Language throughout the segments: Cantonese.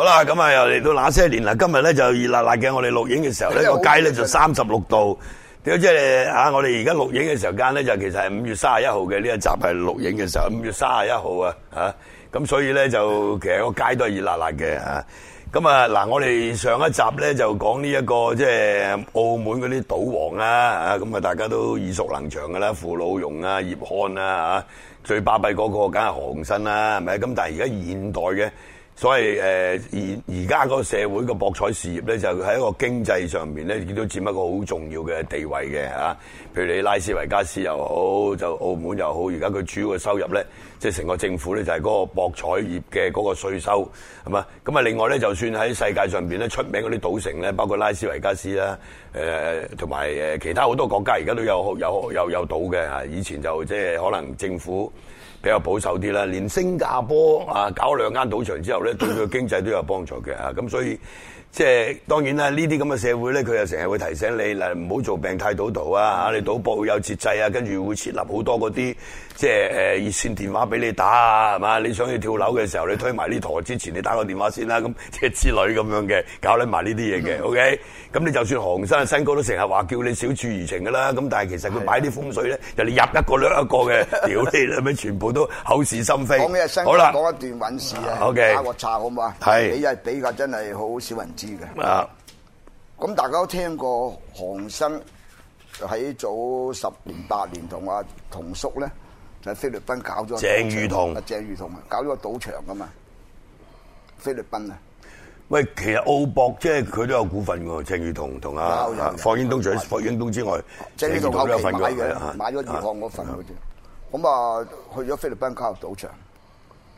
好啦，咁啊又嚟到那些年啦！今日咧就熱辣辣嘅，我哋錄影嘅時候咧個街咧就三十六度，即係啊，啊，啊，啊！我哋而家錄影嘅時間咧就其實係五月三十一號嘅呢一集係錄影嘅時候，五月三十一號啊嚇！咁所以咧就其實個街都係熱辣辣嘅嚇。咁啊嗱，我哋上一集咧就講呢、這、一個即係、就是、澳門嗰啲賭王啊。咁啊大家都耳熟能詳㗎啦，傅老榕啊、葉漢啊嚇、啊，最巴閉嗰個梗係何鴻燊啦、啊，係咪啊？咁但係而家現代嘅。所以誒而而家嗰個社會嘅博彩事業咧，就喺、是、一個經濟上面咧，亦都佔一個好重要嘅地位嘅嚇、啊。譬如你拉斯維加斯又好，就澳門又好，而家佢主要嘅收入咧，即係成個政府咧，就係、是、嗰個博彩業嘅嗰個稅收係嘛？咁啊，另外咧，就算喺世界上邊咧，出名嗰啲賭城咧，包括拉斯維加斯啦，誒同埋誒其他好多國家，而家都有有有有賭嘅嚇。以前就即係可能政府。比較保守啲啦，連星加坡 啊搞兩間賭場之後咧，對佢經濟都有幫助嘅啊！咁所以即係當然啦，呢啲咁嘅社會咧，佢又成日會提醒你嗱，唔好做病態賭徒啊！你賭博會有節制啊，跟住會設立好多嗰啲即係誒、呃、熱線電話俾你打啊，係嘛？你想去跳樓嘅時候，你推埋呢台之前，你打個電話先啦，咁即係之類咁樣嘅，搞曬埋呢啲嘢嘅，OK？咁你就算何鴻燊哥都成日話叫你小注怡情噶啦，咁、啊、但係其實佢擺啲風水咧，就你入一個掠一個嘅，屌你啦咩，全部～我都口是心非。好啦，講一段韻事啊，打個岔好唔好啊？係，比啊比啊，真係好少人知嘅。啊，咁大家都聽過韓生喺早十年八年同阿同叔咧喺菲律賓搞咗。鄭裕彤。啊，鄭裕彤啊，搞咗個賭場㗎嘛，菲律賓啊。喂，其實澳博即係佢都有股份㗎，鄭裕彤同阿。霍英東除咗霍英東之外，即係呢度。澳旗買嘅，買咗怡康份嗰啲。咁啊，去咗菲律賓加入賭場，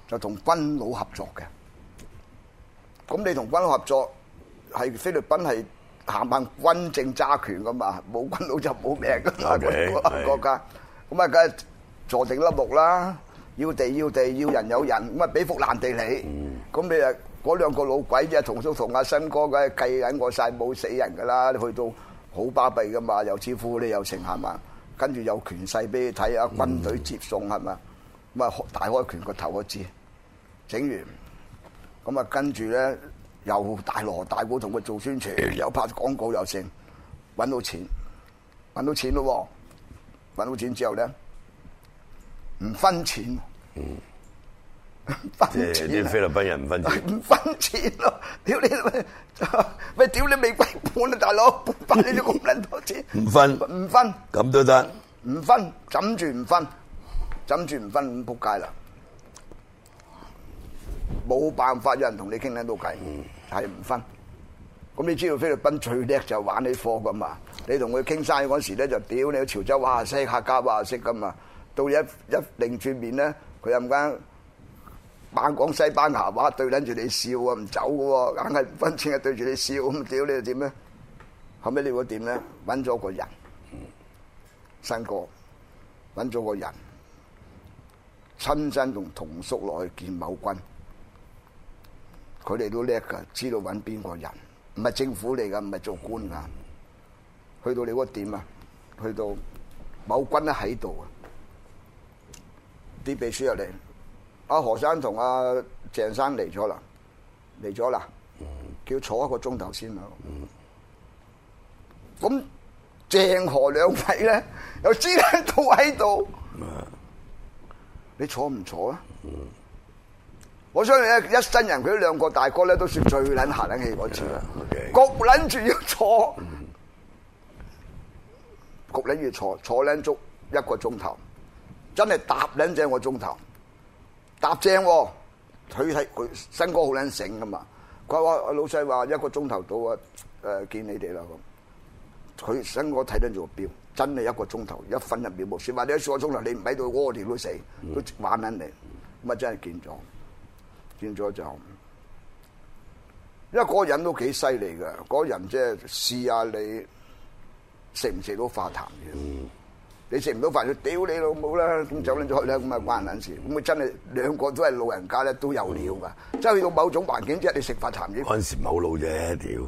就同軍佬合作嘅。咁你同軍佬合作，係菲律賓係行行軍政揸權噶嘛？冇軍佬就冇命噶嘛，國家。咁啊，梗係坐定粒木啦，要地要地，要人有人，咁啊俾幅爛地你。咁你啊，嗰兩個老鬼即係同叔同阿新哥梗係計緊我曬，冇死人噶啦，你去到好巴閉噶嘛，又似乎你又成行行。跟住有權勢俾你睇啊，軍隊接送係咪？咁啊、mm hmm. 大開拳個頭嗰支整完，咁啊跟住咧又大鑼大鼓同佢做宣傳，又、mm hmm. 拍廣告又成，揾到錢，揾到錢咯，揾到錢之後咧唔分錢。Mm hmm. 即係啲菲律賓人唔分錢，唔分錢咯！屌你老味屌你未歸本啊，大佬，分你都咁捻多錢？唔分，唔分，咁都得？唔分，枕住唔分？枕住唔分？仆街啦！冇辦法，有人同你傾得都計，係唔分。咁你知道菲律賓最叻就玩啲貨噶嘛？你同佢傾生意嗰時咧，就屌你潮州話式客家話式噶嘛？到一一定轉面咧，佢又唔啱。扮講西班牙話，對撚住你笑啊，唔走㗎喎，硬係唔分錢嘅，對住你笑咁屌，你又點咧？後尾你話點咧？揾咗個人，新哥揾咗個人，親身同同叔落去見某君，佢哋都叻㗎，知道揾邊個人，唔係政府嚟㗎，唔係做官啊。去到你個點啊？去到某君都喺度啊！啲秘書入嚟。阿、啊、何生同阿鄭生嚟咗啦，嚟咗啦，叫坐一個鐘頭先啦。咁鄭何兩位咧又知喺度喺度，你坐唔坐啊？嗯、我相信咧，一新人佢呢兩個大哥咧，都算最捻下捻氣嗰次，焗捻住要坐，焗捻住 要坐，坐捻足一個鐘頭，真係搭捻正個鐘頭。搭正、哦，佢係佢新哥好捻醒噶嘛？佢話老細話一個鐘頭到啊，誒、呃、見你哋啦咁。佢新哥睇得住個表，真係一個鐘頭一分一秒冇算，或者兩個鐘頭你唔喺度屙尿都死，都玩緊你，咁啊真係見咗，見咗就，一個人都幾犀利噶，嗰人即係試下你食唔食到化痰。嗯你食唔到飯你就屌你老母啦，咁走嚟走去啦，咁啊關緊事，咁啊真係兩個都係老人家咧，都有料㗎，即係去到某種環境之下，你食化痰丸。嗰陣時唔係好老啫，屌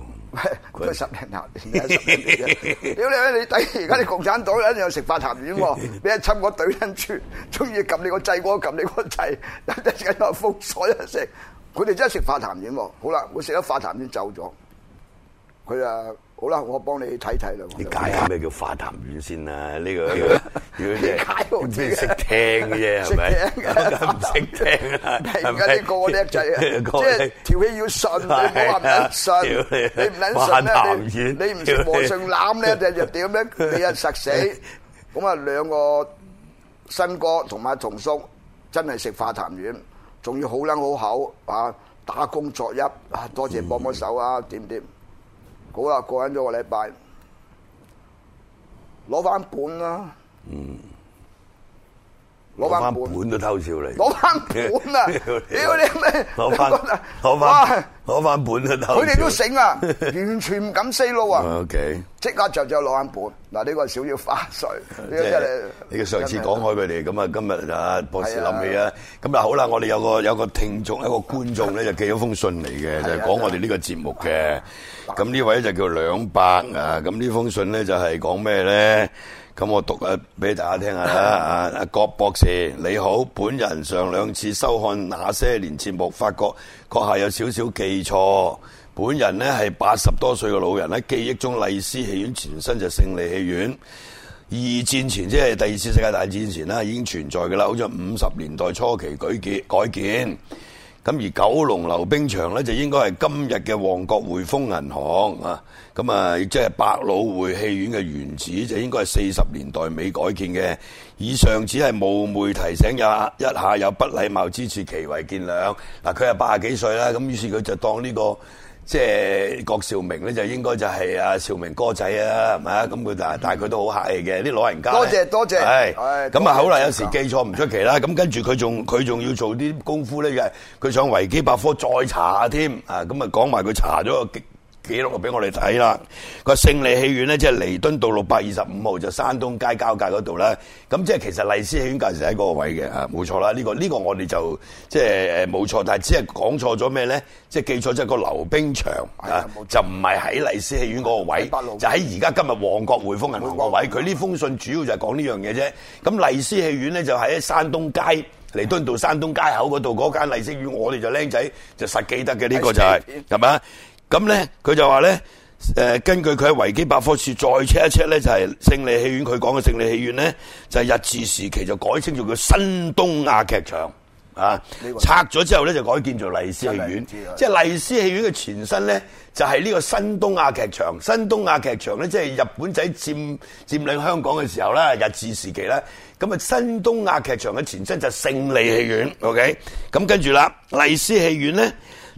佢十零廿年，十年屌 你你等於而家啲共產黨一定有食化痰丸喎，俾一侵個隊跟住，中意撳你個掣，我撳你個掣，突然之間又封鎖一聲，佢哋真係食化痰丸喎，好啦，我食咗化痰丸走咗。佢話：好啦，我幫你睇睇啦。你解下咩叫化痰丸先啊？呢個要你解，我唔識聽嘅啫。識聽啊！唔識聽啊！係啊！你個個叻仔啊！即係條氣要順，唔好話唔順。你唔撚順咧，你唔食和尚攬咧，就點咧？你一實死。咁啊，兩個新哥同埋阿松叔真係食化痰丸，仲要好撚好口啊！打工作揖啊！多謝幫幫手啊！點點。好啦，過咗個禮拜，攞翻本啦。嗯攞翻本都偷笑嚟，攞翻本啊！屌你咩？攞翻啊！攞翻，攞翻本都偷笑。佢哋都醒啊，完全唔敢 say 咯啊。O K，即刻就就攞翻本。嗱，呢個少少花絮，即係呢個上次講開佢哋，咁啊今日啊博士諗起啊。咁嗱好啦，我哋有個有個聽眾一個觀眾咧，就寄咗封信嚟嘅，就係講我哋呢個節目嘅。咁呢位就叫兩伯啊。咁呢封信咧就係講咩咧？咁我讀啊，俾大家聽下。阿郭博士你好，本人上兩次收看那些年節目，發覺閣下有少少記錯。本人呢係八十多歲嘅老人，喺記憶中麗斯戲院前身就勝利戲院。二戰前即係第二次世界大戰前啦，已經存在嘅啦，好似五十年代初期舉建改建。嗯咁而九龍溜冰場咧，就應該係今日嘅旺角匯豐銀行啊！咁啊，即係百老匯戲院嘅原址，就應該係四十年代尾改建嘅。以上只係冒昧提醒，一一下有不禮貌之處，其為見諒。嗱、啊，佢係八十幾歲啦？咁於是佢就當呢、這個。即係郭兆明咧，就應該就係阿兆明哥仔啊，係咪啊？咁佢但係佢都好客氣嘅，啲老人家多謝多謝。係咁啊，好啦是，謝有時記錯唔出奇啦。咁跟住佢仲佢仲要做啲功夫咧，佢上維基百科再查下添啊。咁啊，講埋佢查咗個。記錄落俾我哋睇啦。個勝利戲院咧，即係彌敦道六百二十五號，就是、山東街交界嗰度咧。咁即係其實麗思戲院舊時喺嗰個位嘅嚇，冇錯啦。呢、這個呢、這個我哋就即係誒冇錯，但係只係講錯咗咩咧？即係記錯，即係個溜冰場嚇，就唔係喺麗思戲院嗰個位，就喺而家今日旺角匯豐銀行個位。佢呢封信主要就係講呢樣嘢啫。咁麗思戲院咧就喺山東街彌敦道山東街口嗰度嗰間麗思院，我哋就靚仔就實記得嘅呢、這個就係係咪啊？在 是咁咧，佢就話咧，誒、呃，根據佢喺維基百科處再 check 一 check 咧，就係、是、勝利戲院。佢講嘅勝利戲院咧，就係、是、日治時期就改稱做叫新東亞劇場啊。拆咗之後咧，就改建做麗斯戲院。即係麗斯戲院嘅前身咧，就係、是、呢個新東亞劇場。新東亞劇場咧，即係日本仔佔佔領香港嘅時候啦，日治時期啦。咁啊，新東亞劇場嘅前身就係勝利戲院。OK，咁跟住啦，麗斯戲院咧。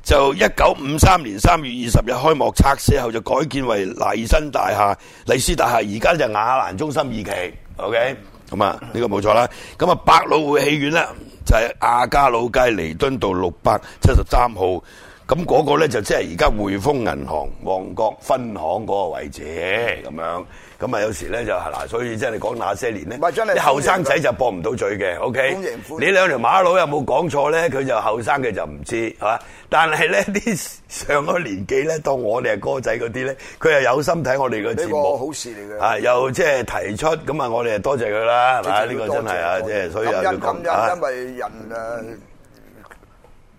就一九五三年三月二十日開幕，拆卸後就改建為麗新大廈、麗斯大廈，而家就雅蘭中心二期。O K，咁啊，呢、這個冇錯啦。咁啊，百老匯戲院呢，就係、是、亞皆老街彌敦道六百七十三號。咁嗰個呢就即係而家匯豐銀行旺角分行嗰個位置咁樣。咁啊，有時咧就係啦，所以即係你講那些年咧，啲後生仔就駁唔到嘴嘅。O K，你兩條馬佬有冇講錯咧？佢就後生嘅就唔知，係嘛？但係咧啲上咗年紀咧，當我哋係哥仔嗰啲咧，佢又有心睇我哋個節目，呢個好事嚟嘅。啊，又即係提出咁啊，我哋多謝佢啦，係嘛？呢個真係啊，即係所以有啲咁因因，因為人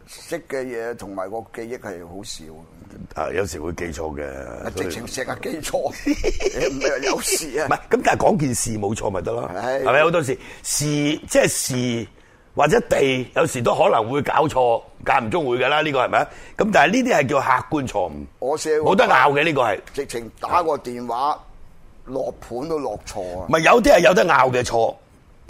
誒識嘅嘢同埋個記憶係好少。啊，有時會記錯嘅，直情成日記錯， 唔係有時啊。唔係咁，但係講件事冇錯咪得咯，係咪好多時事，事即係事或者地，有時都可能會搞錯，間唔中會㗎啦。呢個係咪？咁但係呢啲係叫客觀錯誤，我寫冇得拗嘅呢個係，直情打個電話是落盤都落錯啊。咪有啲係有得拗嘅錯。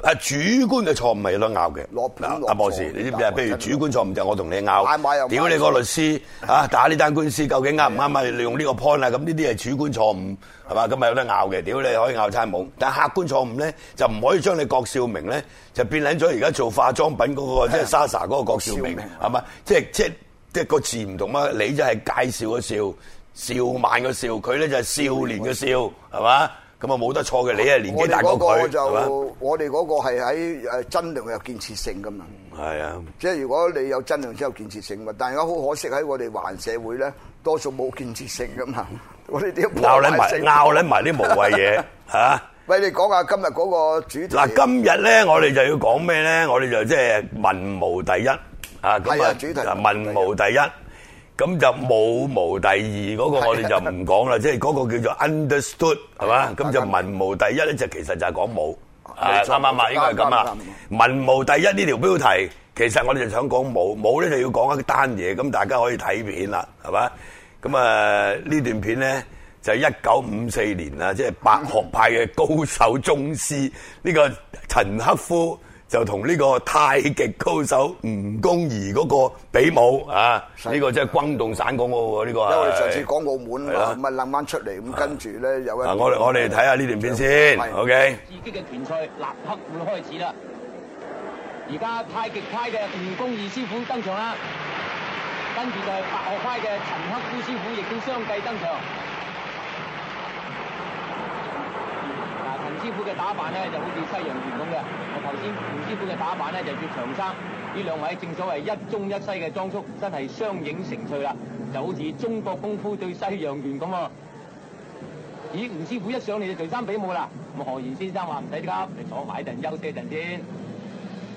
啊，主觀嘅錯誤係有得拗嘅。阿博士，你知唔啲譬如主觀錯誤就我同你拗。大買，買，買你個律師啊！打呢單官司究竟啱唔啱？咪利是的 用呢個 point 啊？咁呢啲係主觀錯誤係嘛？咁係有得拗嘅。屌是的 你可以拗差冇。但係客觀錯誤咧就唔可以將你郭少明咧就變諗咗。而家做化妝品嗰，那個即係莎 a 嗰個郭少明係嘛？即係少，就是，即係個字唔同啊！你就係介紹嘅笑、笑萬嘅笑，佢咧就係少年嘅少係嘛？咁啊冇得錯嘅，你係年紀大過佢，係嘛？我哋嗰個就我哋嗰個係喺誒質量有建設性噶嘛。係啊，即係如果你有質量先有建設性，但係而家好可惜喺我哋華人社會咧，多數冇建設性噶嘛。我呢啲咬咧埋，咬咧埋啲無謂嘢嚇。喂，你講下今日嗰個主題嗱，今日咧，我哋就要講咩咧？我哋就即係文無第一啊！係啊，主題啊，文無第一。咁就武無第二嗰個，我哋就唔講啦，即係嗰個叫做 Understood 係嘛？咁就文無第一咧，就其實就係講武，啱嘛嘛，應該係咁啊！文無第一呢條標題，其實我哋就想講武，武咧就要講一單嘢，咁大家可以睇片啦，係嘛？咁啊呢段片咧就係一九五四年啊，即係白鶴派嘅高手宗師呢 個陳克夫。就同呢個太極高手吳公儀嗰個比武的啊！呢、這個真係轟動省港澳喎，呢、這個因為上次講澳門啦，咁咪臨晚出嚟，咁的跟住咧有一，嗱我我哋睇下呢段片好先的，OK。刺激嘅拳賽立刻會開始啦！而家太極派嘅吳公儀師傅登場啦，跟住就係白鶴派嘅陳克夫師傅亦都相繼登場。師傅嘅打扮呢就好似西洋拳咁嘅，我頭先吳師傅嘅打扮呢就叫長衫。呢兩位正所謂一中一西嘅裝束，真係相映成趣啦，就好似中國功夫對西洋拳咁喎。咦，吳師傅一上嚟就除衫比武啦。咁何賢先生話唔使急，你坐埋一陣休息一陣先。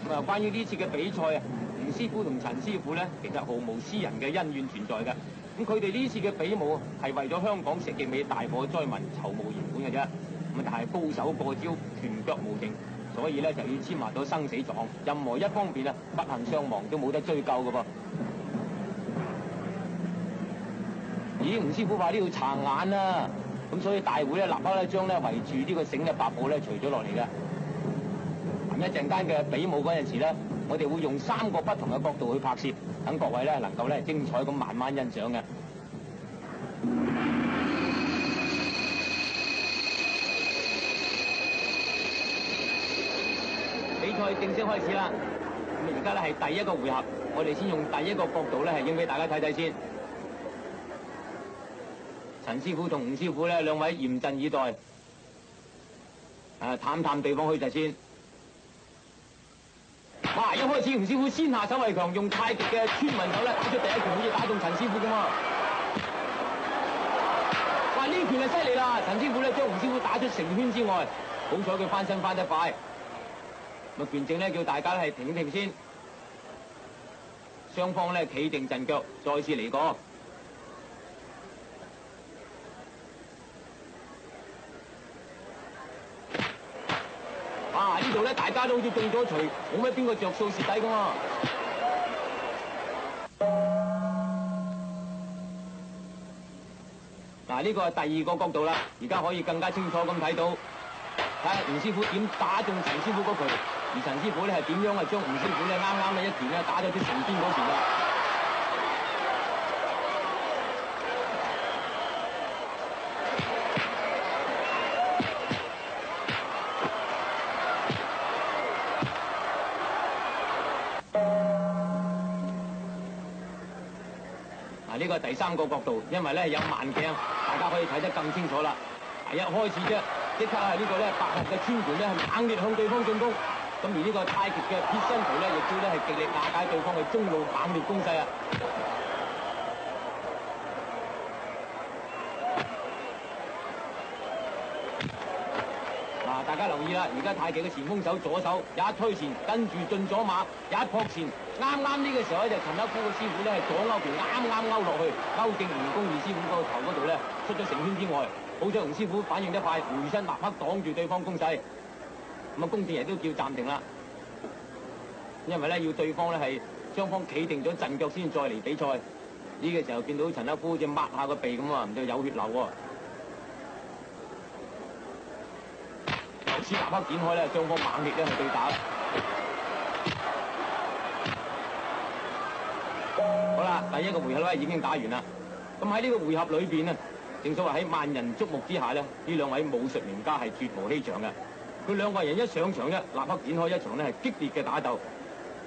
咁啊，關於呢次嘅比賽啊，吳師傅同陳師傅呢其實毫無私人嘅恩怨存在嘅。咁佢哋呢次嘅比武係為咗香港石硤尾大火災民籌募善款嘅啫。咁但係高手過招，拳腳無情，所以咧就要簽埋到生死狀。任何一方面啊不幸傷亡都冇得追究嘅噃。咦，吳師傅話呢度搽眼啦、啊，咁所以大會咧立刻咧將咧圍住呢個繩嘅白布咧除咗落嚟嘅。咁一陣間嘅比武嗰陣時咧，我哋會用三個不同嘅角度去拍攝，等各位咧能夠咧精彩咁慢慢欣賞嘅。正式開始啦！咁而家咧係第一個回合，我哋先用第一個角度咧，係應俾大家睇睇先。陳師傅同吳師傅咧，兩位嚴陣以待，啊，探探對方虛實先。嗱、啊，一開始吳師傅先下手為強，用太極嘅村民手咧，打出第一拳好似打中陳師傅㗎嘛？哇、啊！呢拳就犀利啦，陳師傅咧將吳師傅打出成圈之外，好彩佢翻身翻得快。判正呢，叫大家呢係停一停先，雙方呢企定陣腳，再次嚟過。啊，呢度呢大家都好似中咗鎚，冇乜邊個着數蝕底嘅喎。嗱，呢個係第二個角度啦，而家可以更加清楚咁睇到，睇下吳師傅點打中陳師傅嗰拳。而陳師傅咧係點樣啊？將吳師傅咧啱啱咧一拳咧打到啲神仙嗰邊啊！啊！呢個第三個角度，因為咧有慢鏡，大家可以睇得更清楚啦。第一開始啫，即刻係呢個咧白鶴嘅穿拳咧係猛烈向對方進攻。咁而呢個太極嘅撇身步呢，亦都咧係極力瓦解對方嘅中路猛烈攻勢啊！嗱，大家留意啦，而家太極嘅前鋒手左手有一推前，跟住進左馬，有一撲前，啱啱呢個時候咧，就是、陳一夫嘅師傅呢，係左勾拳啱啱勾落去，勾正吳功二師傅個頭嗰度呢，出咗成圈之外，好彩洪師傅反應得快，回身立刻擋住對方攻勢。咁啊，公證人都叫暫停啦，因為咧要對方咧係雙方企定咗陣腳先再嚟比賽。呢、這、嘅、個、時候見到陳克夫隻抹下個鼻咁啊，唔知有血流喎、哦。由此立刻展開咧，雙方猛烈咧去對打。好啦，第一個回合咧已經打完啦。咁喺呢個回合裏邊咧，正所謂喺萬人矚目之下咧，呢兩位武術名家係絕無欺場嘅。佢兩個人一上場呢，立刻展開一場激烈嘅打鬥。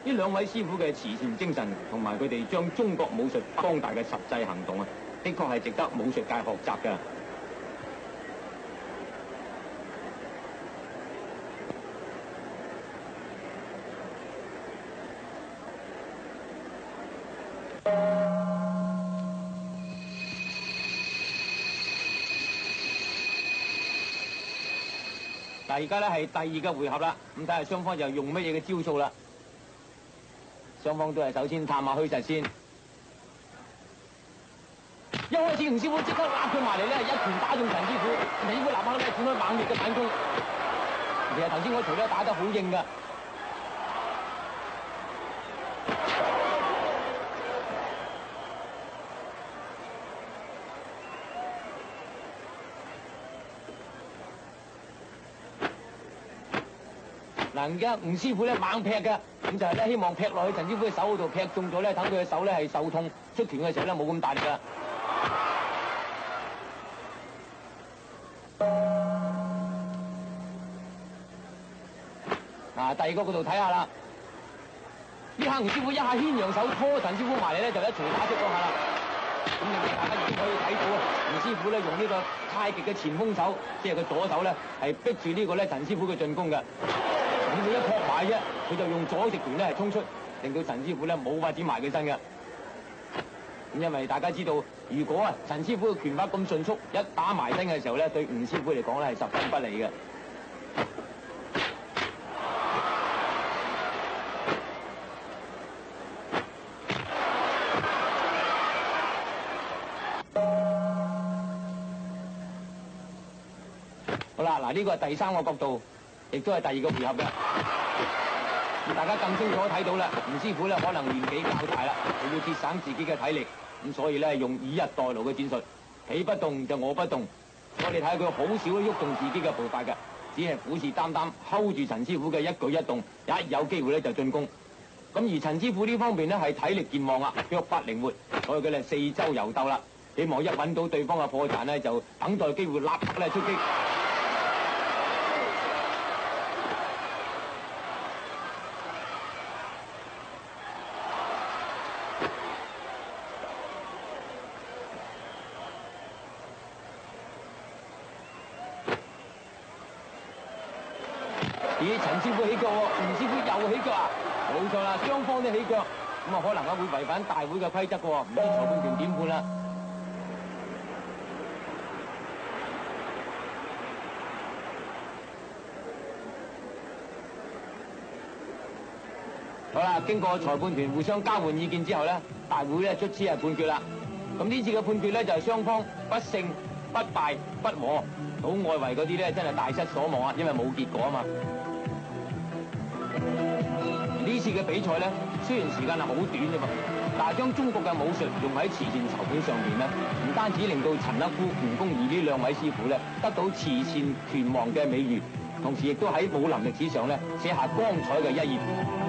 呢兩位師傅嘅慈善精神，同埋佢哋將中國武術光大嘅實際行動，的確係值得武術界學習嘅。嗱，而家咧係第二個回合啦，咁睇下雙方又用乜嘢嘅招數啦。雙方都係首先探下虛實先。 一開始吳師傅即刻拉佢埋嚟咧，一拳打中陳師傅。你師傅嗱下咧展開猛烈嘅反攻，其實頭先嗰場都打得好硬㗎。而家吳師傅咧猛劈嘅，咁就係、是、咧希望劈落去陳師傅嘅手度劈中咗咧，等佢嘅手咧係受痛出拳嘅時候咧冇咁大力啦。 啊，第二個嗰度睇下啦，呢下 吳師傅一下牽羊手拖陳師傅埋嚟咧，就一齊打擊咗下啦。咁你、 嗯、大家亦都可以睇到，吳師傅咧用呢個太極嘅前鋒手，即係佢左手咧係逼住呢個咧陳師傅嘅進攻嘅。佢一撲埋啫，佢就用咗直拳咧衝出，令到陳師傅咧冇法子埋佢身嘅。咁因為大家知道，如果啊陳師傅嘅拳法咁迅速，一打埋身嘅時候咧，對吳師傅嚟講咧係十分不利嘅。好啦，嗱呢個係第三個角度。亦都係第二個回合嘅，咁大家更清楚睇到啦，吳師傅咧可能年紀較大啦，佢要節省自己嘅體力，咁所以呢，用以逸待勞嘅戰術，你不動就我不動。我哋睇下佢好少喐動，動自己嘅步法嘅，只係虎視眈眈，hold 住陳師傅嘅一舉一動，一有機會呢就進攻。咁而陳師傅呢方面呢，係體力健旺啊，腳法靈活，所以佢哋四周遊鬥啦，希望一揾到對方嘅破綻呢，就等待機會立即咧出擊。咦，陳師傅起腳喎，吳師傅又起腳啊！冇錯啦，雙方都起腳，咁啊可能啊會違反大會嘅規則㗎喎，唔知裁判團點判啦？好啦，經過裁判團互相交換意見之後咧，大會咧出此嘅判決啦。咁呢次嘅判決咧就係雙方不勝不敗不和，好外圍嗰啲咧真係大失所望啊，因為冇結果啊嘛。次嘅比賽咧，雖然時間係好短啫噃，但係將中國嘅武術用喺慈善籌款上面咧，唔單止令到陳克夫、吳公儀呢兩位師傅咧得到慈善拳王嘅美譽，同時亦都喺武林歷史上咧寫下光彩嘅一頁。